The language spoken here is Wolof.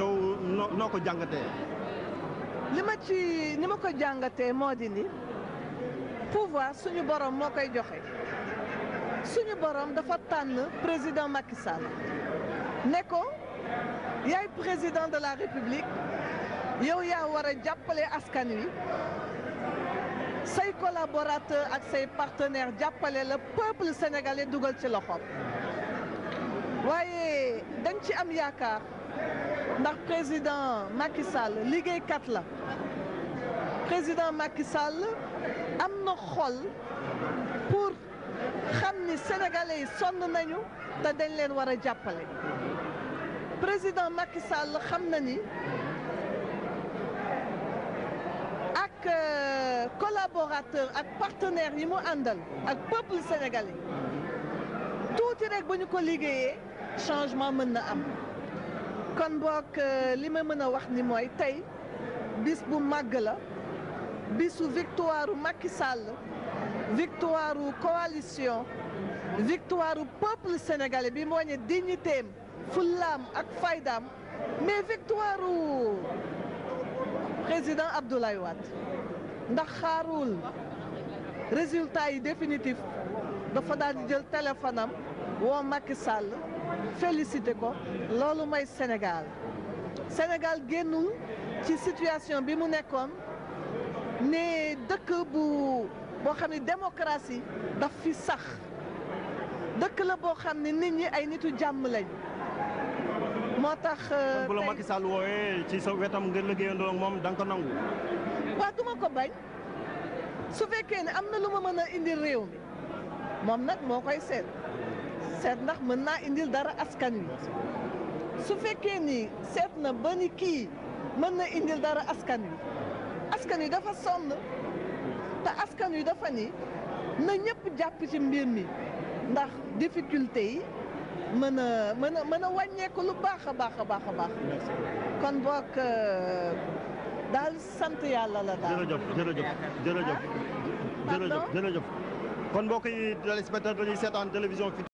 yow noo ko jàngatee. li ma ci ni ma ko jàngatee moo di ni pouvoir suñu borom moo koy joxe suñu borom dafa tànn président Macky Sall ne ko yaay président de la république yow yaa war a jàppale askan wi say collaborateur ak say partenaire jàppale la peuple sénégalais dugal ci loxoom waaye dañ ci am yaakaar. ndax président Macky Sall liggéeykat la président Macky Sall am na xol pour xam ni sénégalais yi sonn nañu te dañ leen war a jàppale président Macky Sall xam na ni ak euh, collaborateur ak partenaire yi mu àndal ak peuple sénégalais tuuti rek bu ñu ko liggéeyee changement mën na am. kon boog euh, li ma mën a wax ni mooy tey bis bu màgg la bisu victoire Macky Sall victoire coalition victoire peuple sénégalais bi moo ne dignitéem fullaam ak faydaam mais victoire président Abdoulaye Wade ndax xaarul résultat yi définitif dafa daal di jël téléphone woo Macky Sall félicité ko loolu mooy senegaal Sénégal génnul ci situation bi mu nekkoon ne dëkk bu boo xam ne démocratie daf fi sax dëkk la boo xam ne nit ñi ay nitu jàmm lañ moo tax euh, bu la Macky Sall wooyee ci sa wetam nga liggéeyandoo ak moom danga ko nangu waaw duma ko bañ su fekkee ne am na lu ma mën a indi réew mi moom nag moo koy seet seet ndax mën naa indil dara askan wi su fekkee ni seet na ba ni kii mën na indil dara askan wi askan wi dafa sonn te askan wi dafa ni na ñëpp jàpp ci mbir mi ndax difficulté yi mën a mën a mën a wàññeeku lu baax a baax a baax a baax kon boog euh, daal sant yàlla la daal jërëjëf jërëjëf jërëjëf kon mbokk yi téléspectateurs yi seetaan télévision